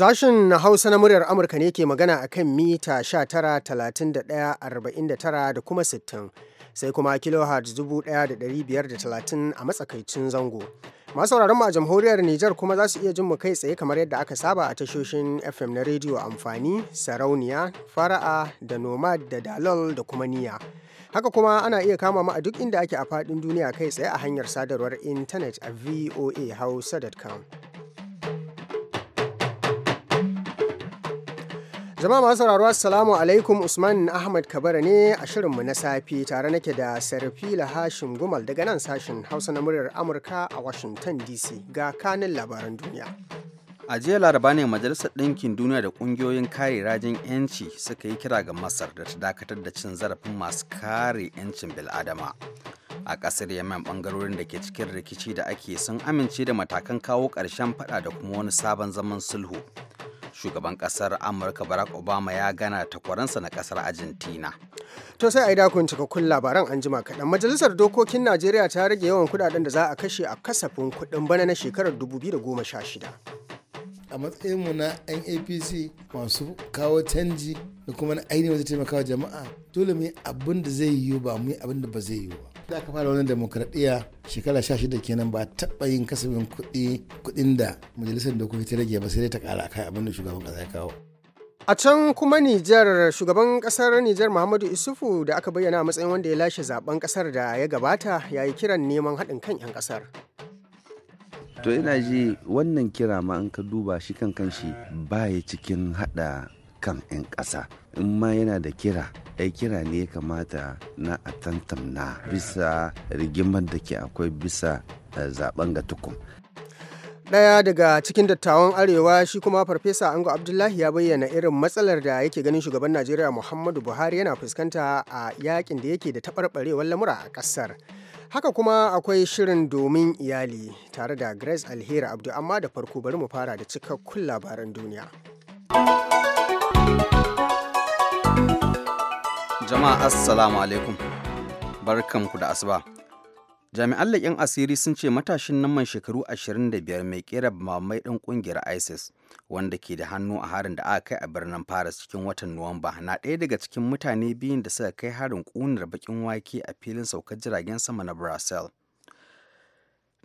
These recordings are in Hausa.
Sashen Hausa na muryar Amurka ne ke magana a kan mita 19,31,49 da kuma 60, sai kuma kilohertz 1,530 a matsakaicin zango. Masu mu a jamhuriyar Nijar kuma za su iya jin mu kai tsaye kamar yadda aka saba a tashoshin FM na rediyo amfani, sarauniya, fara'a da nomad da dalol da kuma niya. Haka kuma ana iya kama mu a duk inda ake a faɗin duniya kai tsaye a hanyar sadarwar intanet a voahausa.com. Jama'a masu sauraro Assalamu alaikum Usman Ahmad Kabara ne a shirinmu na safe tare nake da Sarfila Hashim Gumal daga nan sashen Hausa na muryar Amurka a Washington DC ga kanin labaran duniya. A jiya laraba ne Majalisar Ɗinkin Duniya da ƙungiyoyin kare rajin 'yanci suka yi kira ga Masar da ta dakatar da cin zarafin masu kare 'yancin bil'adama. A ƙasar Yemen ɓangarorin da ke cikin rikici da ake sun amince da matakan kawo ƙarshen faɗa da kuma wani sabon zaman sulhu. shugaban kasar amurka barack obama ya gana takwaransa na kasar argentina to sai a yi dakon cikakkun labaran an jima kaɗan majalisar dokokin najeriya ta rage yawan kudaden da za a kashe a kasafin kuɗin bana na shekarar 2016 a matsayinmu na yan apc masu kawo canji da kuma na ainihin wajen taimakawa jama'a dole mu yi abin da zai yiwu ba mu yi abin da ba zai yiwu ba da aka fara wannan demokradiyya shekara sha shida kenan ba taɓa yin kasafin kuɗi kuɗin da majalisar da ta rage ba sai dai ta ƙara kai abin da shugaban ƙasa ya kawo. A can kuma Nijar shugaban kasar Nijar Muhammadu Isufu da aka bayyana a matsayin wanda ya lashe zaben kasar da ya gabata ya yi kiran neman haɗin kan 'yan kasar. To ina ji wannan kira ma in ka duba shi kan kanshi baya cikin haɗa kan 'yan ƙasa in ma yana da kira ya kira ne ya kamata na a tantamna bisa rigimar da ke akwai bisa eh, zaben ga tukun Ɗaya daga cikin dattawan Arewa shi kuma Farfesa Ango Abdullahi ya bayyana irin matsalar da yake ganin shugaban Najeriya Muhammadu Buhari yana fuskanta a yakin da yake da taɓarɓarewar lamura a ƙasar. Haka kuma akwai shirin domin iyali tare da Grace Alheri Abdu amma da farko bari mu fara da cikakkun labaran duniya. Jama'a Assalamu alaikum. Barkanku da asuba. Jami'an laƙin asiri sun ce matashin nan mai shekaru 25 mai ƙera mamai ɗan ƙungiyar ISIS wanda ke da hannu a harin da aka kai a birnin Paris cikin watan Nuwamba na ɗaya daga cikin mutane biyun da suka kai harin ƙunar baƙin wake a filin saukar jiragen sama na brazil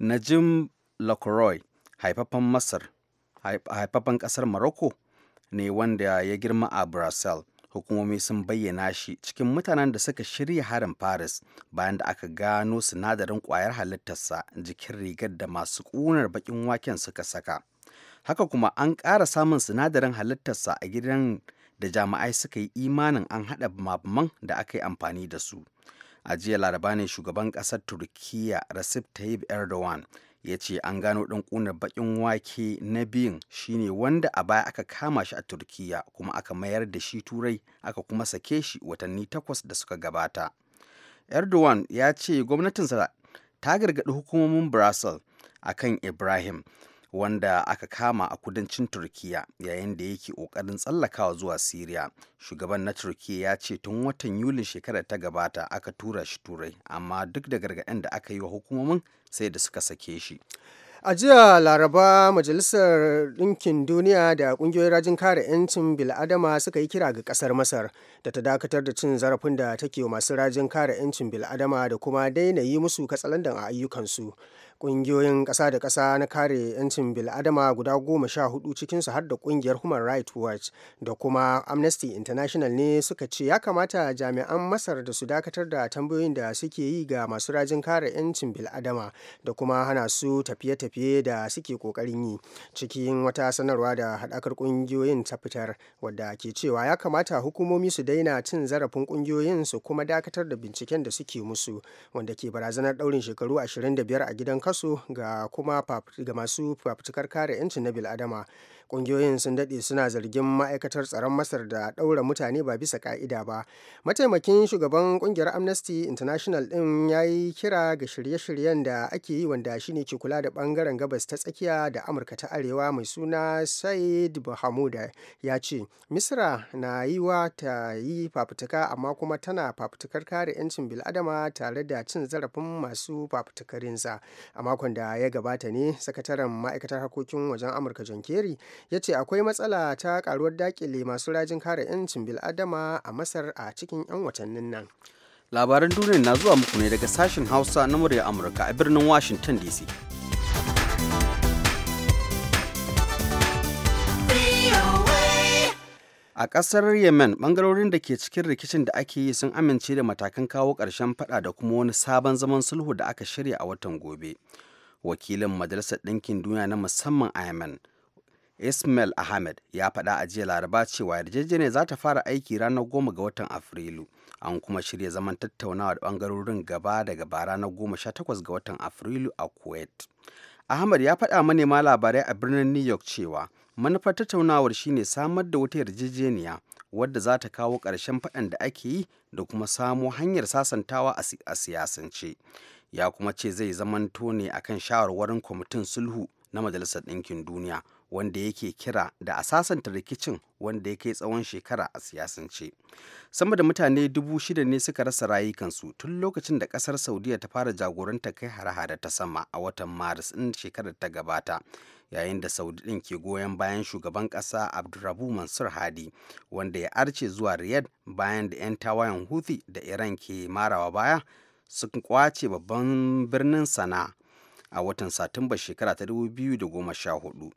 Najim Lacroix, haifafan Masar, haifafan ƙasar Morocco ne wanda ya girma a brazil. hukumomi sun bayyana shi cikin mutanen da suka shirya harin paris bayan da aka gano sinadarin kwayar halittarsa jikin rigar da masu ƙunar bakin waken suka saka haka kuma an ƙara samun sinadarin halittarsa a gidan da jami'ai suka yi imanin an haɗa mabman da aka yi amfani da su a jiya laraba ne shugaban ƙasar turkiya recep tayyip erdogan ya ce an gano ɗan ƙunar baƙin wake na biyun shine wanda a baya aka kama shi a turkiya kuma aka mayar da shi turai aka kuma sake shi watanni takwas da suka gabata erdogan ya ce gwamnatinsa ta gargaɗi hukumomin brussels akan ibrahim wanda aka kama a kudancin turkiya yayin da yake ƙoƙarin tsallakawa zuwa siriya shugaban na turkiya ya ce tun watan yulin shekarar ta gabata aka tura shi turai amma duk da gargaɗin da aka yi wa hukumomin sai da suka sake shi a jiya laraba majalisar ɗinkin duniya da ƙungiyoyin rajin kare 'yancin bil'adama suka yi kira ga ƙasar masar da ta dakatar da cin zarafin da take masu rajin kare 'yancin bil'adama da kuma daina yi musu katsalandan a ayyukansu ƙungiyoyin ƙasa da ƙasa na kare 'yancin bil'adama guda goma sha hudu cikinsu har da ƙungiyar human rights watch da kuma amnesty international ne suka ce ya kamata jami'an masar da su dakatar da tambayoyin da suke yi ga masu rajin kare 'yancin bil'adama da kuma hana su tafiye-tafiye da suke kokarin yi cikin wata sanarwa da haɗakar ƙungiyoyin ta fitar wadda ke cewa ya kamata hukumomi su daina cin zarafin ƙungiyoyin su kuma dakatar da binciken da suke musu wanda ke barazanar ɗaurin shekaru biyar a gidan kaso ga kuma ga masu fafutukar kare 'yancin na bil'adama ƙungiyoyin sun dade suna zargin ma'aikatar tsaron masar da ɗaura mutane ba bisa ka'ida ba mataimakin shugaban ƙungiyar amnesty international din ya yi kira ga shirye-shiryen da ake yi wanda shine ke kula da ɓangaren gabas ta tsakiya da amurka ta arewa mai suna said bahamuda ya ce misra na yi wa ta yi fafutuka amma kuma tana fafutukar kare 'yancin biladama tare da cin zarafin masu fafutukarinsa a makon da ya gabata ne sakataren ma'aikatar harkokin wajen amurka john kerry ya ce akwai matsala ta karuwar dakile masu rajin kare 'yancin bil'adama a masar a cikin 'yan watannin nan labaran duniya na zuwa muku ne daga sashen hausa na murya amurka a birnin washington dc A ƙasar Yemen, ɓangarorin da ke cikin rikicin da ake yi sun amince da matakan kawo ƙarshen faɗa da kuma wani sabon zaman sulhu da aka shirya a watan gobe. Wakilin Majalisar Ɗinkin Duniya na musamman a Yemen, Ismail Ahmed ya faɗa a jiya Laraba cewa yarjejeniyar za ta fara aiki ranar goma ga watan Afrilu. An kuma shirya zaman tattaunawa da ɓangarorin gaba daga bara na goma sha takwas ga watan Afrilu a Kuwait. Ahmad ya faɗa manema labarai a birnin New York cewa manufar tattaunawar shine samar da wata yarjejeniya wadda za ta kawo ƙarshen faɗan da ake yi da kuma samo hanyar sasantawa a siyasance. Ya kuma ce zai zamanto ne akan shawarwarin kwamitin sulhu na Majalisar Ɗinkin Duniya wanda yake kira da a sasanta rikicin wanda ya kai tsawon shekara a siyasance sama da mutane dubu shida ne suka rasa rayukansu tun lokacin da kasar saudiya ta fara jagoranta kai hare-hare ta sama a watan maris ɗin shekarar ta gabata yayin da saudi ɗin ke goyon bayan shugaban ƙasa abdurrabu mansur hadi wanda ya arce zuwa riyad bayan da 'yan tawayen huthi da iran ke marawa baya sun kwace babban birnin sana'a a watan satumba shekara ta 2014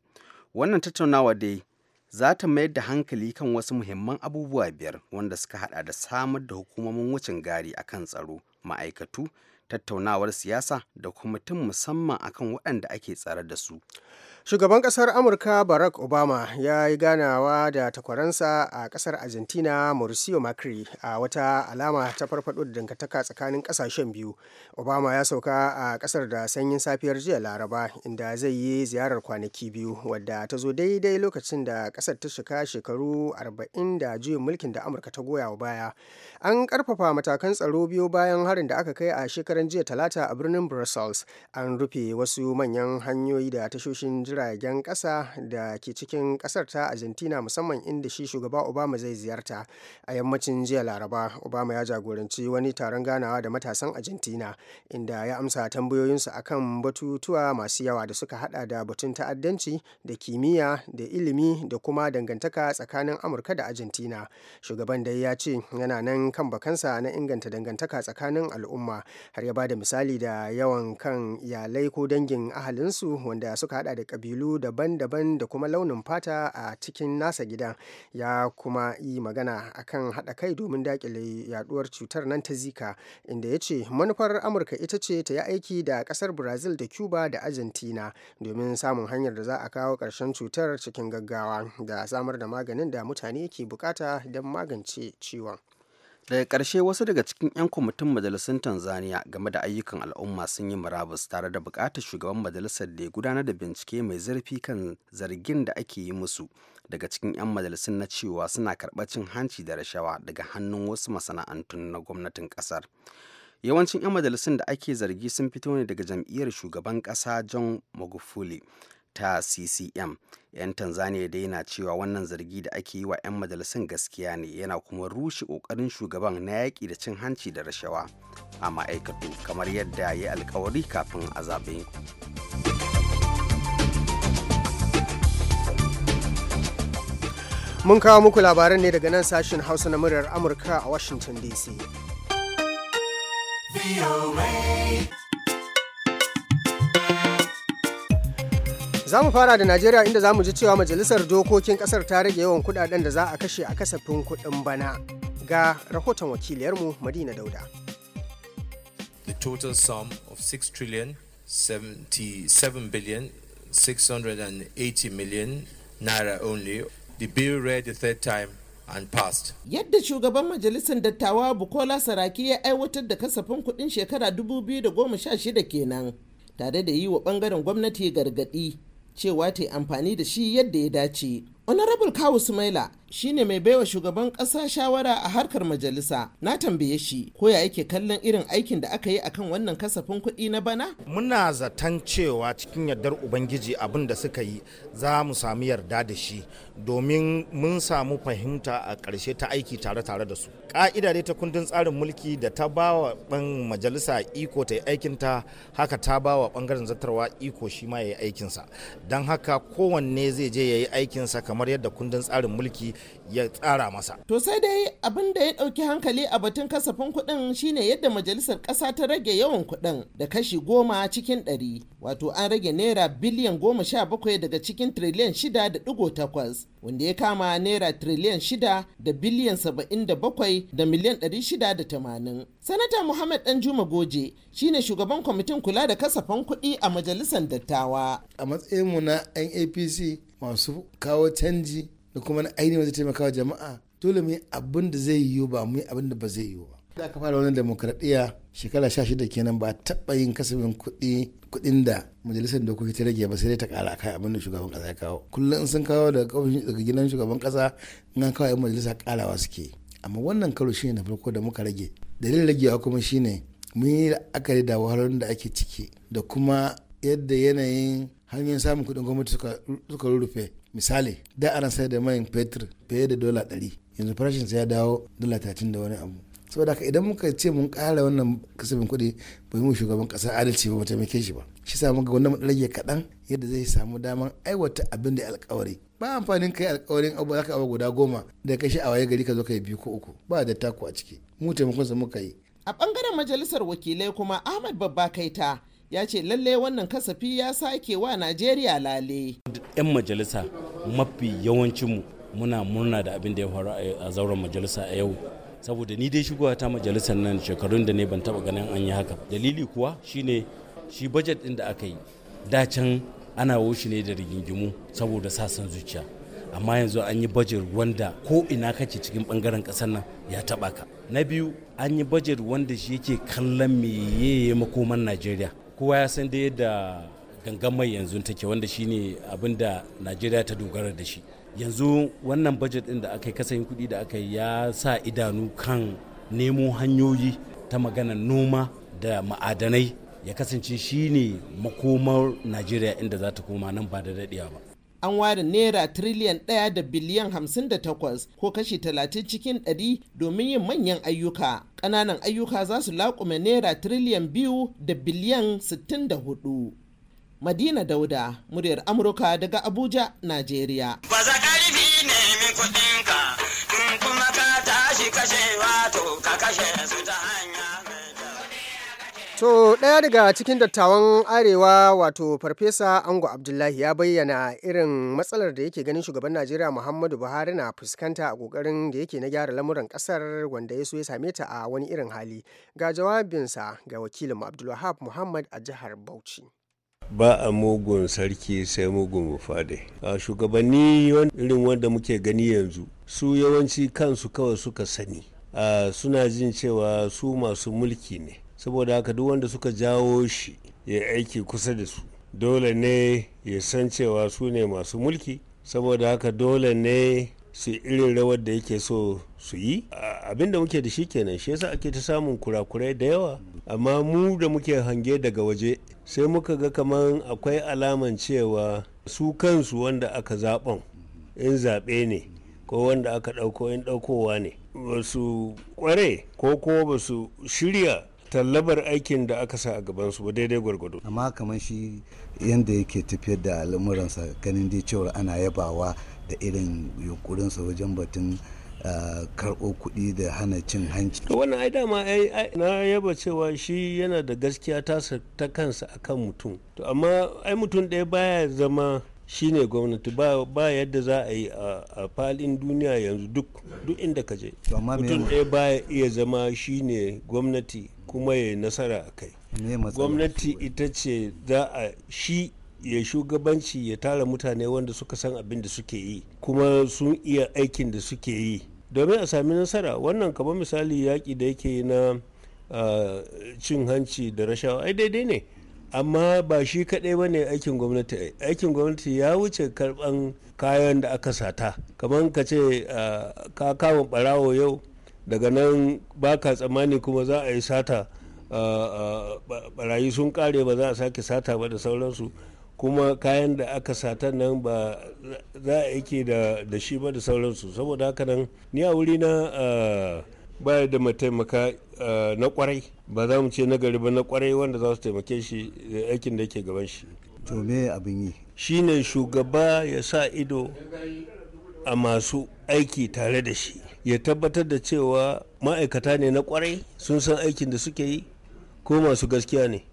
wannan tattaunawa dai za ta mayar da hankali kan wasu muhimman abubuwa biyar wanda suka hada da samar da hukumomin wucin gari akan tsaro ma'aikatu tattaunawar siyasa da tun musamman akan waɗanda ake tsare da su Shugaban ƙasar Amurka Barack Obama ya yi ganawa da takwaransa a ƙasar Argentina Mauricio Macri a wata alama ta farfaɗo da dangantaka tsakanin ƙasashen biyu. Obama ya sauka a ƙasar da sanyin safiyar jiya Laraba inda zai yi ziyarar kwanaki biyu wadda ta zo daidai lokacin da ƙasar ta shika shekaru 40 da juyin mulkin da Amurka ta goya wa baya. An ƙarfafa matakan tsaro biyu bayan harin da aka kai a shekaran jiya Talata a birnin Brussels. An rufe wasu manyan hanyoyi da tashoshin jiragen kasa da ke cikin ƙasar ta argentina musamman inda shi shugaba obama zai ziyarta a yammacin jiya laraba obama ya jagoranci wani taron ganawa da matasan argentina inda ya amsa tambayoyinsu akan batutuwa masu yawa da suka hada da batun ta'addanci da kimiyya da ilimi da kuma dangantaka tsakanin amurka da argentina shugaban dai ya ce yana nan kan bakansa na inganta dangantaka tsakanin al'umma har ya ba da misali da yawan kan iyalai ko dangin ahalinsu wanda suka hada da kabilu daban-daban da kuma launin fata a cikin nasa gidan ya kuma yi magana akan haɗa kai domin dakile yaduwar cutar nan ta zika inda ya ce manufar amurka ita ce ta yi aiki da ƙasar brazil da cuba da argentina domin samun hanyar da za a kawo ƙarshen cutar cikin gaggawa da samar da maganin da mutane ke bukata don magance ciwon daga ƙarshe wasu daga cikin 'yan kwamitin majalisun tanzania game da ayyukan al'umma sun yi murabus tare da buƙatar shugaban majalisar da ya gudanar da bincike mai zurfi kan zargin da ake yi musu daga cikin 'yan majalisun na cewa suna karɓar cin hanci da rashawa daga hannun wasu masana'antu na gwamnatin ƙasar yawancin 'yan majalisun da ake zargi sun fito ne daga jam'iyyar shugaban ƙasa john magufuli ta ccm 'yan tanzania dai na cewa wannan zargi da ake yi wa 'yan majalisun gaskiya ne yana kuma rushe kokarin shugaban na yaƙi da cin hanci da rashawa a ma'aikatu kamar yadda ya yi alkawari kafin a zaɓe mun kawo muku labaran ne daga nan sashen hausa na muryar amurka a washington dc Za mu fara da Najeriya inda za mu ji cewa Majalisar Dokokin Kasar ta rage yawan kudaden da za a kashe a kasafin kudin bana. Ga rahoton wakiliyarmu Madina Dauda. The total sum of 6 trillion 77 billion 680 million naira only. The bill read the third time and passed. Yadda shugaban majalisar dattawa Bukola Saraki ya aiwatar da kasafin kudin shekara 2016 kenan, tare da yi wa bangaren gwamnati gargadi. cewa ta yi amfani da shi yadda ya dace honorable kawu sumaila shine mai baiwa shugaban ƙasa shawara a harkar majalisa na tambaye shi ko ya yake kallon irin aikin da aka yi akan wannan kasafin kuɗi na bana muna zaton cewa cikin yardar ubangiji abin da suka yi za mu samu yarda da shi domin mun samu fahimta a karshe ta aiki tare tare da su ƙa'ida dai ta kundin tsarin mulki da ta ba wa ban majalisa iko ta yi aikinta haka ta ba wa ɓangaren zartarwa iko shi ma ya yi aikinsa don haka kowanne zai je ya yi aikinsa kamar kamar yadda kundin tsarin mulki ya tsara masa. To sai dai abin da ya ɗauki hankali a batun kasafin kuɗin shine yadda majalisar ƙasa ta rage yawan kuɗin da kashi goma cikin ɗari. Wato an rage naira biliyan goma sha bakwai daga cikin triliyan shida da ɗigo takwas wanda ya kama naira triliyan shida da biliyan saba'in da bakwai da miliyan ɗari shida da tamanin. Sanata Muhammad ɗanjuma Goje shine shugaban kwamitin kula da kasafin kuɗi a majalisar dattawa. A matsayin mu na NAPC masu kawo canji da kuma na ainihin wajen taimakawa jama'a dole mu yi abin da zai yiwu ba mu yi abin da ba zai yiwu ba da aka fara wannan demokradiyya shekara sha shida kenan ba taɓa yin kasafin kuɗi kuɗin da majalisar dokoki ta rage ba sai dai ta ƙara kai abin da shugaban ƙasa ya kawo kullum sun kawo daga gidan shugaban ƙasa in an yan majalisa ƙarawa suke amma wannan karo shine na farko da muka rage dalilin ragewa kuma shine mun yi la'akari da wahalar da ake ciki da kuma yadda yanayin hanyoyin samun kuɗin gwamnati suka rurrufe misali da ana sayar da man fetur fiye da dola ɗari yanzu farashin sai ya dawo dala talatin da wani abu saboda haka idan muka ce mun ƙara wannan kasafin kuɗi bai mu shugaban ƙasa adalci ba mu taimake shi ba shi sa muka wannan rage kaɗan yadda zai samu daman aiwata abin da alkawari ba amfanin kai alkawarin abu zaka abu guda goma da kai shi a waye gari ka zo kai biyu ko uku ba da taku a ciki mu taimakon sa muka yi a bangaren majalisar wakilai kuma ahmad babba kaita ya ce lalle wannan kasafi ya sake wa najeriya lale 'yan majalisa mafi yawancinmu muna murna da abin da ya faru a zauren majalisa a yau saboda ni dai shigowa ta majalisar nan shekarun da ne ban taba ganin an yi haka dalili kuwa shine shi bajet din da aka yi dacen ana woshi ne da rigingimu saboda sasan zuciya amma yanzu an yi bajet wanda ko ina kake cikin bangaren kasar nan ya taba ka na biyu an yi bajet wanda shi yake kallon meye makoman najeriya kowa ya san da yadda gangan mai yanzu take wanda shine abin da najeriya ta dogara da shi yanzu wannan budget din da aka yi kasayin kuɗi da aka yi ya sa idanu kan nemo hanyoyi ta magana noma da ma'adanai ya kasance shine makomar najeriya inda za ta koma nan ba da daɗewa ba an ware naira tiriliyan ɗaya da biliyan hamsin da takwas ko kashi talatin cikin ɗari domin yin manyan ayyuka ƙananan ayyuka za su laƙume naira tiriliyan biyu da biliyan sittin da hudu madina dauda muryar amurka daga abuja najeriya kuma ka tashi kashe wato ka kashe su ta hanya To ɗaya daga cikin dattawan arewa wato farfesa Ango Abdullahi ya bayyana irin matsalar da yake ganin shugaban Najeriya Muhammadu Buhari na fuskanta a kokarin da yake na gyara lamuran ƙasar wanda ya so ya same ta a wani irin hali. Ga jawabinsa ga wakilin Abdulwahab Muhammad a jihar Bauchi. ba a mugun sarki sai mugun mufade a shugabanni irin wanda muke gani yanzu su yawanci kansu kawai suka sani a suna jin cewa su masu mulki ne saboda haka duk wanda suka jawo shi ya aiki kusa da su dole ne ya san cewa su ne masu mulki saboda haka dole ne su irin rawar da yake so su yi abin da muke da shi kenan shi yasa ake ta samun kurakurai da yawa amma mu da muke hange daga waje sai muka ga kamar akwai alaman cewa su kansu wanda aka zaɓan in zaɓe ne ko wanda aka ɗauko in ɗaukowa ne ba su ƙware ko ko ba su shirya tallabar aikin da aka sa a gabansu ba daidai gwargwado amma kamar shi yadda yake tafiyar da al'amuransa ganin dai cewar ana yabawa da irin yunkurinsa wajen batun ah, karɓo kuɗi da hana cin hanci wannan ai dama na yaba cewa shi yana da gaskiya tasa ta kansa akan mutum to amma ai mutum ɗaya baya zama shine gwamnati ba yadda za a yi a falin duniya yanzu duk duk inda ka je mutum ɗaya ba iya zama shine gwamnati kuma ya nasara a kai gwamnati ita ce za a shi ya shugabanci ya tara mutane wanda suka san abin da suke yi kuma sun iya aikin da suke yi domin a sami nasara wannan kamar misali yaƙi da yake na ah, cin hanci da rashawa ai daidai ne amma ba shi kaɗai ba ne aikin gwamnati aikin gwamnati ya wuce karɓan kayan da aka sata kamar ka ce ka kawo ɓarawo yau daga nan ba ka tsammani kuma za a yi sata barayi sun kare ba za a sake sata ba da sauransu kuma kayan da aka sata nan ba za a yake da shi ba da sauransu saboda haka nan ni a wuri na baya da mataimaka eh, na kwarai ba za mu ce na gari ba na kwarai wanda za su taimake shi da aikin da ke gaban shi to me abin yi shine shugaba ya sa ido a masu aiki tare da shi ya tabbatar da cewa ma'aikata ne na kwarai sun san aikin da suke yi ko masu gaskiya ne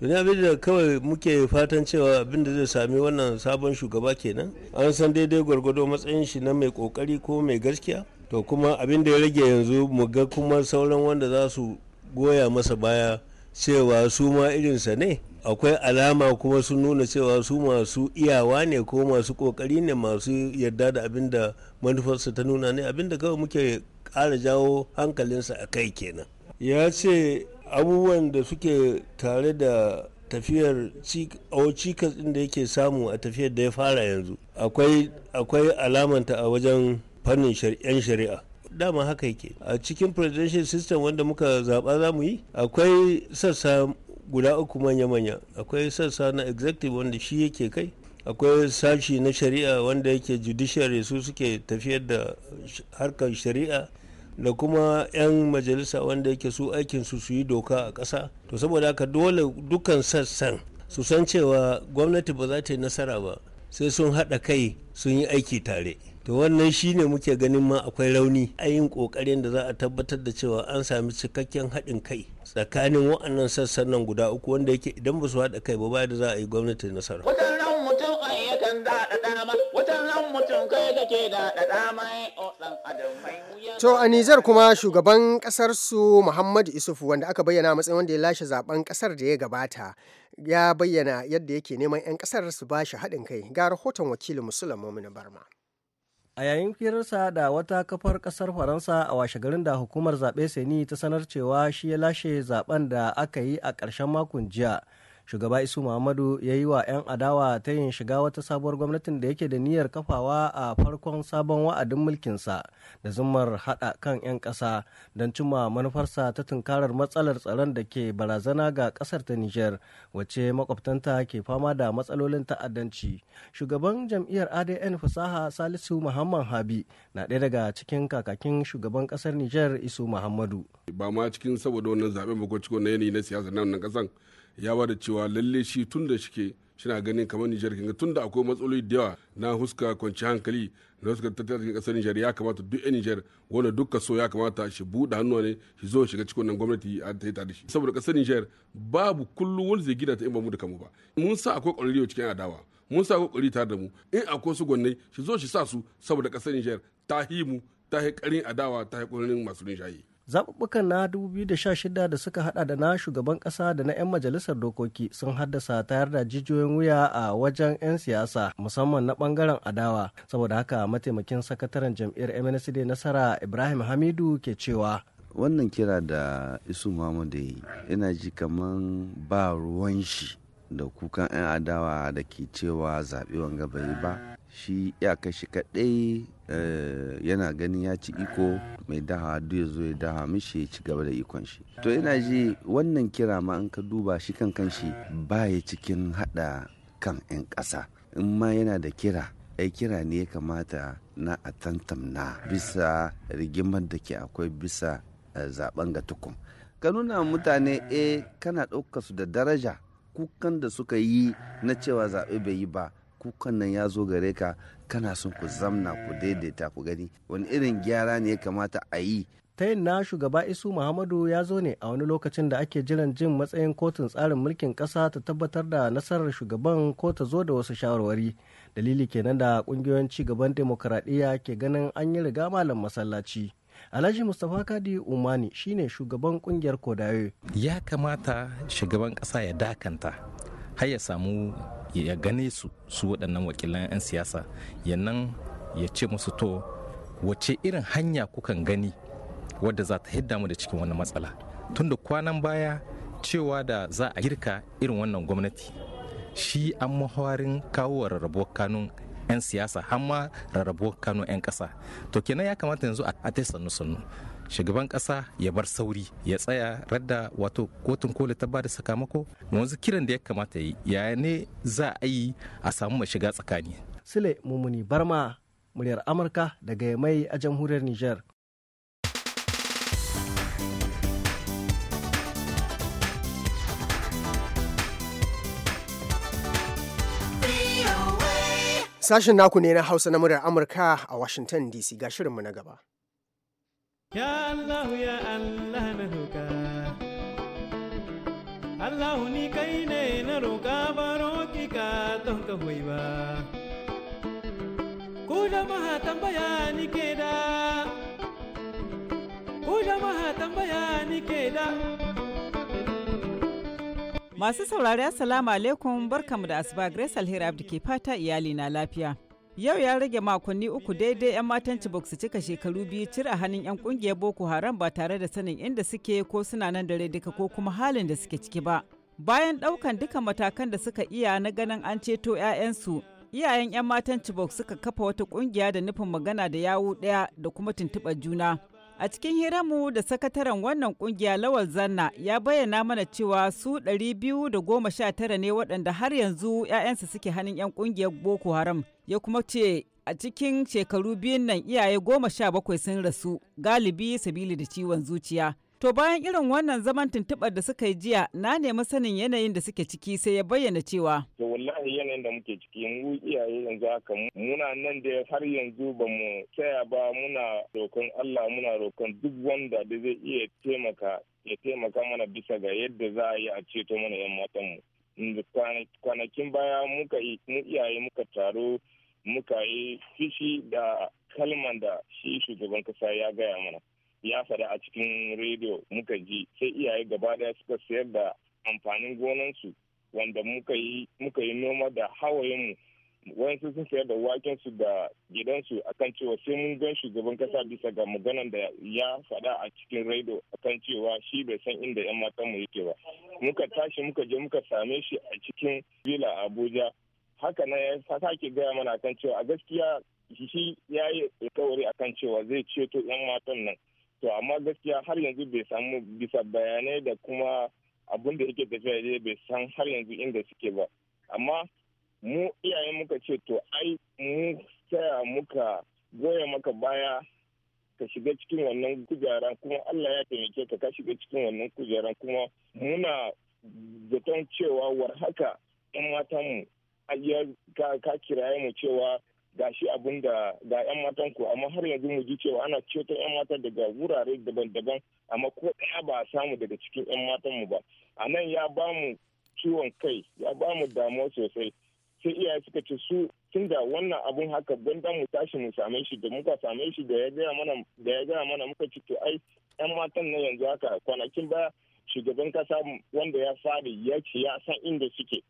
to ne abin da kawai muke fatan cewa abin da zai sami wannan sabon shugaba kenan an san daidai gwargwado matsayin shi na mai kokari ko mai gaskiya to kuma abin da ya rage yanzu mu ga kuma sauran wanda za su goya masa baya cewa su ma irinsa ne akwai alama kuma sun nuna cewa su masu iyawa ne ko masu kokari ne masu yarda da abin da manufarsa ta nuna ne abin da kawai muke kara jawo hankalinsa a kai kenan ya ce abubuwan da suke tare da tafiyar cikas ɗin da yake samu a tafiyar da ya fara yanzu akwai alamanta a wajen fannin yan shari'a dama haka yake a cikin presidential system wanda muka zaɓa za mu yi akwai sassa guda uku manya-manya akwai sassa na executive wanda shi yake kai akwai sashi na shari'a wanda yake judiciary su suke tafiyar da harkar shari'a da kuma 'yan majalisa wanda yake su aikinsu su yi doka a ƙasa to saboda haka dole dukkan sassan su san cewa gwamnati ba za ta yi nasara ba sai sun haɗa kai sun yi aiki tare to wannan shine muke ganin ma akwai rauni a yin kokarin da za a tabbatar da cewa an sami cikakken haɗin kai tsakanin wa'annan sassan nan guda uku wanda yake idan ba su haɗa kai ba ba da za a yi gwamnati nasara To a Nijar kuma shugaban kasar su Muhammadu Isufu wanda aka bayyana matsayin wanda ya lashe zaben kasar da ya gabata ya bayyana yadda yake neman 'yan kasar su ba shi haɗin kai ga rahoton wakilin Musulun Mominu Barma. a yayin firarsa da wata kafar kasar faransa a washe garin da hukumar zaɓe seni ta sanar cewa shi ya lashe zaben da aka yi a ƙarshen makon jiya shugaba isu muhammadu ya yi wa 'yan adawa ta yin shiga wata sabuwar gwamnatin da yake da niyyar kafawa a farkon sabon wa'adin mulkinsa da zumar hada kan 'yan ƙasa don cimma manufarsa ta tunkarar matsalar tsaron da ke barazana ga ƙasar ta niger wacce makwabtanta ke fama da matsalolin ta'addanci shugaban jam'iyyar adn fasaha salisu muhammad habi na ɗaya daga cikin kakakin shugaban kasar niger isu muhammadu ba ma cikin saboda wannan zaɓen ba ko cikin yanayi na siyasa nan ƙasan ya bada cewa lalle shi tun da shike shina ganin kamar Nijar kinga tun da akwai matsaloli da yawa na huska kwanci hankali na huska tattalin cikin kasar Nijar ya kamata duk yan Nijar wanda dukka so ya kamata shi buɗe hannuwa ne shi zo shiga cikin wannan gwamnati a ta yi tare shi saboda kasar Nijar babu kullum wani zai gida ta in ba mu da kamu ba mun sa akwai ƙwararriyo cikin adawa mun sa ƙwararri tare da mu in akwai su gwanne shi zo shi sa su saboda kasar Nijar ta himu ta hi karin adawa ta hi masu rinjaye. zaɓuɓɓukan na 2016 da suka hada da na shugaban ƙasa da na 'yan majalisar dokoki sun haddasa tayar da jijiyoyin wuya a wajen 'yan siyasa musamman na ɓangaren adawa saboda haka mataimakin sakataren jam'iyyar mnsd nasara ibrahim hamidu ke cewa wannan kira da isu muhammadu ina ji kaman ba ruwan shi da kukan 'yan adawa da ke cewa zaɓe wanga bai ba shi ya kashi kaɗai eh, yana ganin ya ci iko mai daha duk ya zo ya daha mishi ya ci gaba da ikon shi to ina ji wannan kira ma an ka duba shi kan kan shi baya cikin haɗa kan 'yan ƙasa in ma yana da kira ai kira ne ya kamata na a tantamna bisa rigimar da ke akwai bisa eh, zaben ga tukun ka nuna mutane eh kana ɗaukar su da daraja kukan da suka yi na cewa zaɓe bai yi ba kukan nan ya zo gare ka kana son ku zamna ku daidaita ku gani wani irin gyara ne ya kamata a yi ta yin na shugaba isu muhammadu ya zo ne a wani lokacin da ake jiran jin matsayin kotun tsarin mulkin ƙasa ta tabbatar da nasarar shugaban ko ta zo da wasu shawarwari dalili kenan da ƙungiyoyin ci gaban demokuraɗiyya ke ganin an yi riga malam masallaci Alhaji Mustapha Kadi Umani shine shugaban kungiyar Kodayo. Ya kamata shugaban kasa ya dakanta har ya samu ya gane su su waɗannan wakilan 'yan siyasa yannan ya ce musu to wace irin hanya kukan gani wadda za ta hidda mu da cikin wannan matsala tunda kwanan baya cewa da za a girka irin wannan gwamnati shi an mahawarin kawo rarrabuwar kanun 'yan siyasa har ma rarrabuwar kano 'yan kasa to kenan ya kamata yanzu a ta sannu sannu shugaban kasa ya bar sauri ya tsaya radda wato kotun koli ta ba da sakamako yanzu kiran da ya kamata yi ya ne za a yi a samu mai shiga tsakani sile mumuni barma muryar amurka daga mai a jamhuriyar niger Sashen naku ne na Hausa na muryar Amurka a Washington DC ga shirinmu na gaba. Ya Allah ya Allah na roƙa. Allah ni kai ne na roƙa ba roƙi ka don ka hoyi ba. Ku jama'a tambaya ni ke da. Ku jama'a tambaya ni ke da. Masu saurari Assalamu alaikum barkamu da asuba Grace Alheri Abdi ke fata iyali na lafiya. Yau ya rage makonni uku daidai 'yan matan Chibok su cika shekaru biyu cire a hannun 'yan kungiyar Boko Haram ba tare da sanin inda suke ko suna nan dare duka ko kuma halin da suke ciki ba. Bayan ɗaukan duka matakan da suka iya na ganin an ceto 'ya'yansu, iyayen 'yan matan Chibok suka kafa wata kungiya da nufin magana da yawu ɗaya da kuma tuntuɓar juna. A cikin hiramu da sakataren wannan kungiya Lawal Zanna ya bayyana mana cewa su 219 ne waɗanda har yanzu ya'yansa suke hannun 'yan kungiyar Boko Haram ya kuma ce a cikin shekaru biyun nan iyaye 17 sun rasu galibi sabili da ciwon zuciya. To bayan irin wannan zaman tuntuɓar da suka yi jiya na nemi sanin yanayin da suke ciki sai ya bayyana cewa. To wallahi yanayin da muke ciki mu iyaye yanzu haka muna nan da har yanzu ba mu tsaya ba muna roƙon Allah muna roƙon duk wanda da zai iya taimaka ya taimaka mana bisa ga yadda za a yi a ceto mana 'yan matanmu. Kwanakin baya muka mu iyaye muka taro muka yi fishi da kalman da shi shugaban kasa ya gaya mana. ya faɗa a cikin rediyo muka ji sai iyaye gaba ɗaya suka sayar da amfanin gonansu wanda muka yi noma da hawayenmu wayansu sun sayar da wakensu da gidansu akan cewa sai mun gan shugaban kasa bisa ga maganan da ya faɗa a cikin raido akan cewa shi bai san inda yan matanmu yake ba muka tashi muka je muka same shi a cikin villa abuja haka na ya sake gaya mana akan cewa a gaskiya shi ya yi alkawari akan cewa zai ceto yan matan nan to amma gaskiya har yanzu bai samu bisa bayanai da kuma abin da yake tafiya dai bai san har yanzu inda suke ba amma mu iyayen muka ce to ai mu saya muka goya maka baya ka shiga cikin wannan kujeran kuma Allah ya taimake ka ka shiga cikin wannan kujeran kuma muna zaton cewa war haka 'yan matanmu ka kiraye mu cewa ga shi abin da ga 'yan matan ku amma har yanzu mu ji cewa ana ceto 'yan mata daga wurare daban-daban amma ko ɗaya ba a samu daga cikin 'yan matan mu ba a nan ya ba mu ciwon kai ya ba mu damuwa sosai sai iyaye suka ci su tun da wannan abun haka gwanda mu tashi mu same shi da muka same shi da ya gaya mana da ya gaya mana muka ci to ai 'yan matan na yanzu haka kwanakin baya shugaban kasa wanda ya fari ya ci ya san inda suke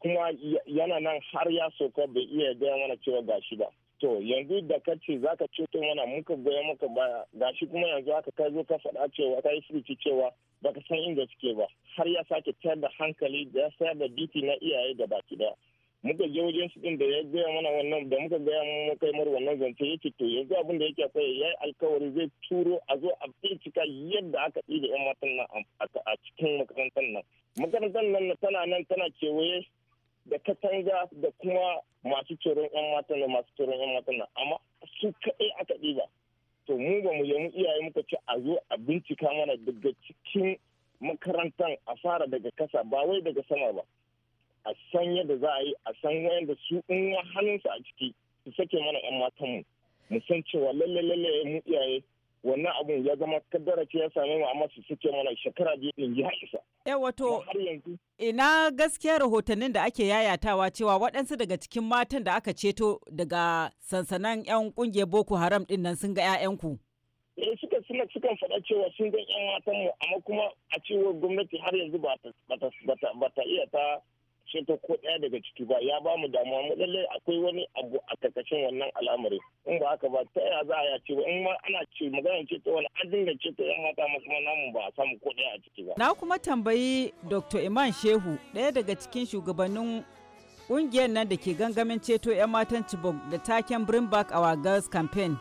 kuma yana nan har ya soka bai iya gaya mana cewa gashi ba to yanzu da ka za ka ceto mana muka goya maka baya gashi kuma yanzu aka ka zo ka faɗa cewa ka yi furuci cewa ba ka san inda suke ba har ya sake tayar da hankali da ya sayar da biti na iyaye da baki daya muka je wajen su da ya gaya mana wannan da muka gaya mana kai mar wannan zance ya ce to yanzu abin da yake akwai ya yi alkawari zai turo a zo a bincika yadda aka ɗi da 'yan matan nan a cikin makarantar nan makarantar nan tana nan tana kewaye da katanga da kuma masu tsoron 'yan matan da masu tsoron 'yan matan amma su kaɗai aka ɗiba to mu ba mu yamu iyaye muka ce a zo a bincika mana daga cikin makarantar a fara daga kasa ba wai daga sama ba a san yadda za a yi a san wayanda su in hannunsu a ciki su sake mana 'yan matan mu san cewa lalle lalle mu iyaye wannan abun ya zama kaddara ce ya same mu amma suke mana shekara biyu in ya haƙisa. E eh, wato ina gaskiya rahotannin da ake yayatawa cewa waɗansu daga cikin matan da aka ceto daga sansanan 'yan ƙungiyar Boko Haram ɗin nan sun ga 'ya'yanku. Eh suka suna sukan faɗa cewa sun ga 'yan matan mu amma kuma a cewar gwamnati har yanzu ba ta iya ta ce ta ko ɗaya daga ciki ba ya ba mu damuwa mu lallai akwai wani abu a karkashin wannan al'amari in ba haka ba ta yaya za a yace ba in ma ana ce magana ce ta wani an dinga ce ta yan mata mu kuma namu ba a samu ko ɗaya a ciki ba. Na kuma tambayi Dr. Iman Shehu ɗaya daga cikin shugabannin ƙungiyar nan da ke gangamin ceto 'yan matan Chibok da taken Bring Back Our Girls Campaign.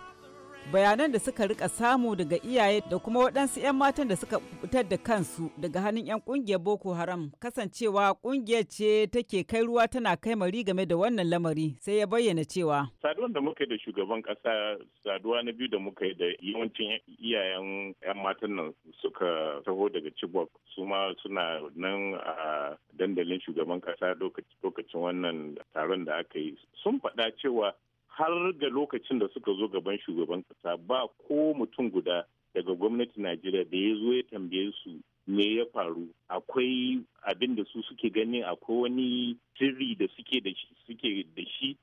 bayanan da suka rika samu daga iyaye da kuma waɗansu 'yan matan da suka fitar da kansu daga hannun 'yan ƙungiyar boko haram kasancewa ƙungiyar ce take kai ruwa tana kai mari game da wannan lamari sai ya bayyana cewa saduwan da muka yi da shugaban ƙasa saduwa na biyu da muka yi da yawancin iyayen 'yan matan nan suka taho daga chibok su ma suna nan a dandalin shugaban ƙasa lokacin wannan taron da aka yi sun faɗa cewa har ga lokacin da suka zo gaban shugaban kasa ba ko mutum guda daga gwamnati najeriya da ya zo ya tambaye su me ya faru akwai abin da su suke ganin akwai wani sirri da suke da shi suke da shi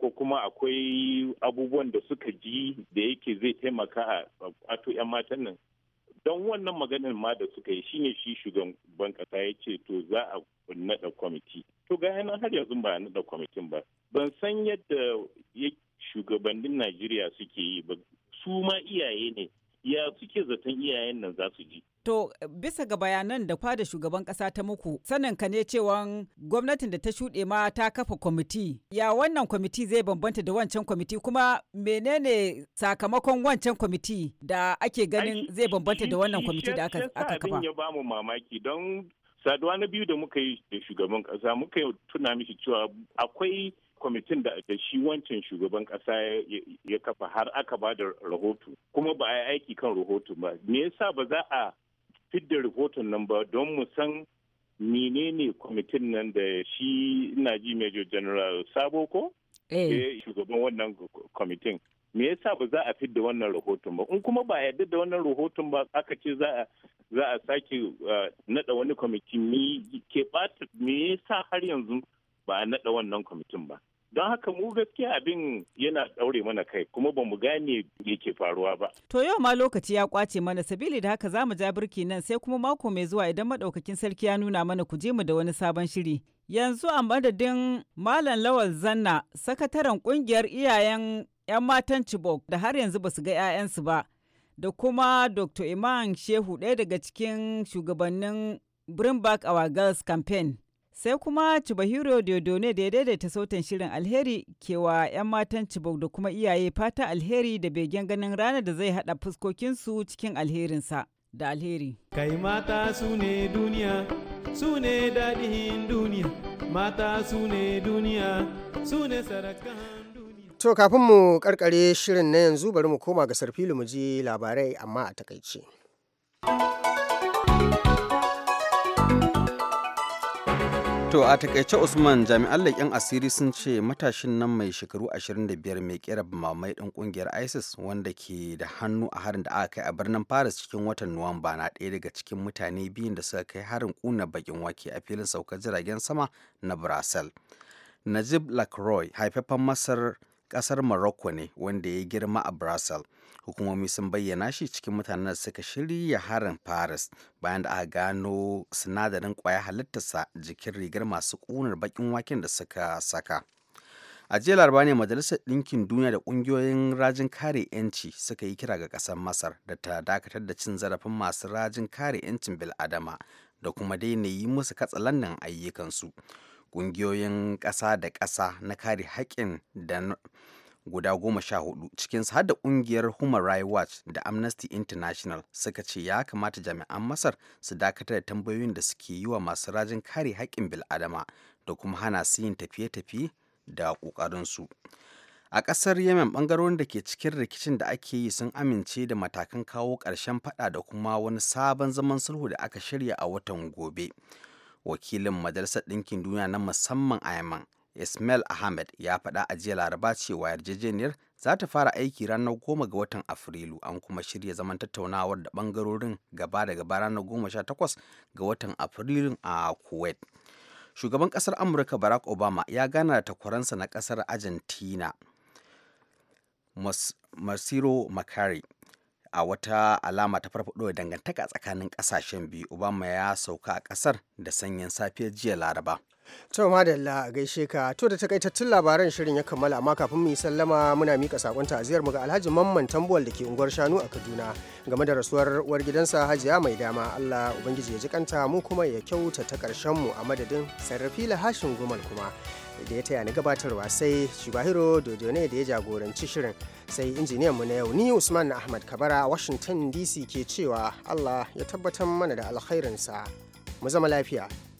ko kuma akwai abubuwan da suka ji da yake zai taimaka a ato 'yan matan nan don wannan maganin ma da suka yi shine shi shugaban kasa ya ce to za a naɗa kwamiti to ga har yanzu ba a naɗa kwamitin ba ban san yadda shugabannin najeriya suke yi ba su ma iyaye ne ya suke zaton iyayen nan za su ji To bisa ga bayanan da fada shugaban kasa ta muku sanin ka ne cewa gwamnatin da ta shuɗe ma ta kafa kwamiti. Ya wannan kwamiti zai bambanta da wancan kwamiti kuma menene sakamakon wancan kwamiti da ake ganin zai bambanta da wannan kwamiti da aka kafa. ya bamu mamaki don saduwa na biyu da muka yi da shugaban kasa muka tuna mishi cewa akwai kwamitin da shi wancan shugaban kasa ya kafa har aka ba da rahoto kuma ba a yi aiki kan rahoto ba me yasa ba za a fidda rahoton nan ba don mu san menene kwamitin nan da shi ji major general sabo ko eh. Eh, shugaban wannan kwamitin me yasa ba za a fidda wannan rahoton ba in kuma ba yadda da wannan rahoton ba aka ce za a za a sake nada wani kwamiti me ke bata me yasa har yanzu ba a naɗa wannan kwamitin ba don haka mu gaskiya abin yana daure mana kai kuma ba mu gane yake faruwa ba. To yau ma lokaci ya kwace mana sabili da haka za mu ja birki nan sai kuma mako mai zuwa idan madaukakin sarki ya nuna mana ku je mu da wani sabon shiri. Yanzu a madadin Malam Lawal Zanna, sakataren kungiyar iyayen 'yan matan Chibok da har yanzu ba su ga 'ya'yansu ba, da kuma Dr. Iman Shehu ɗaya daga cikin shugabannin Brimbach Our Girls Campaign. sai kuma Chubahiro Diodone da ya daidaita sautan shirin alheri kewa 'yan matan Chibok da kuma iyaye fata alheri da begen ganin ranar da zai haɗa fuskokinsu cikin alherinsa da alheri. Kai mata su ne duniya, su ne daɗin duniya, mata su ne duniya, su ne duniya. To kafin mu karkare shirin na yanzu bari mu koma ga sarfilu mu ji labarai amma a takaice. To a takaice Usman jami'an leƙen asiri sun ce matashin nan mai shekaru 25 mai kera mamai ɗin ƙungiyar ISIS wanda ke da hannu a harin da aka kai a birnin Paris cikin watan Nuwamba na ɗaya daga cikin mutane biyun da suka kai harin ƙuna bakin wake a filin saukar jiragen sama na brasil Najib Lacroix haifafen Masar ƙasar Morocco ne wanda ya girma a brasil hukumomi sun bayyana shi cikin mutanen da suka shirya harin paris bayan da aka gano sinadarin kwaya halittarsa jikin rigar masu ƙunar bakin waken da suka saka a jiya laraba ne majalisar ɗinkin duniya da ƙungiyoyin rajin kare 'yanci suka yi kira ga ƙasar masar da ta dakatar da cin zarafin masu rajin kare 'yancin bil'adama da kuma daina yi musu katsalandan ayyukansu ƙungiyoyin ƙasa da ƙasa na kare haƙƙin da guda goma sha hudu cikinsu har da kungiyar human rights watch da amnesty international suka ce ya kamata jami'an masar su dakatar da tambayoyin da suke yi wa masu rajin kare haƙƙin bil'adama da kuma hana su yin tafiye-tafiye da ƙoƙarinsu a ƙasar yemen ɓangarorin da ke cikin rikicin da ake yi sun amince da matakan kawo ƙarshen faɗa da kuma wani sabon zaman sulhu da aka shirya a watan gobe wakilin majalisar ɗinkin duniya na musamman a yaman Ismail Ahmed ya faɗa a jiya Laraba cewa yarjejeniyar za ta fara aiki ranar goma ga watan Afrilu an kuma shirya zaman tattaunawar da ɓangarorin gaba da gaba ranar goma sha takwas ga watan Afrilu a Kuwait. Shugaban ƙasar Amurka Barack Obama ya gana da takwaransa na ƙasar Argentina Masiro Macari a wata alama ta farfaɗo dangantaka tsakanin ƙasashen biyu obama ya sauka a ƙasar da sanyin safiyar jiya laraba To madalla a gaishe ka to da takaitattun labaran shirin ya kammala amma kafin mu yi sallama muna mika sakon ta'aziyar mu ga Alhaji Mamman Tambuwal da ke unguwar Shanu a Kaduna game da rasuwar uwar gidansa Hajiya Mai Dama Allah ubangiji ya ji kanta mu kuma ya kyauta ta karshen mu a madadin Sarrafila Hashin Gumal kuma da ya taya ni gabatarwa sai shibahiro dodo ne da ya jagoranci shirin sai injiniyan mu na yau ni usman ahmad kabara a washington dc ke cewa allah ya tabbatar mana da alkhairinsa mu zama lafiya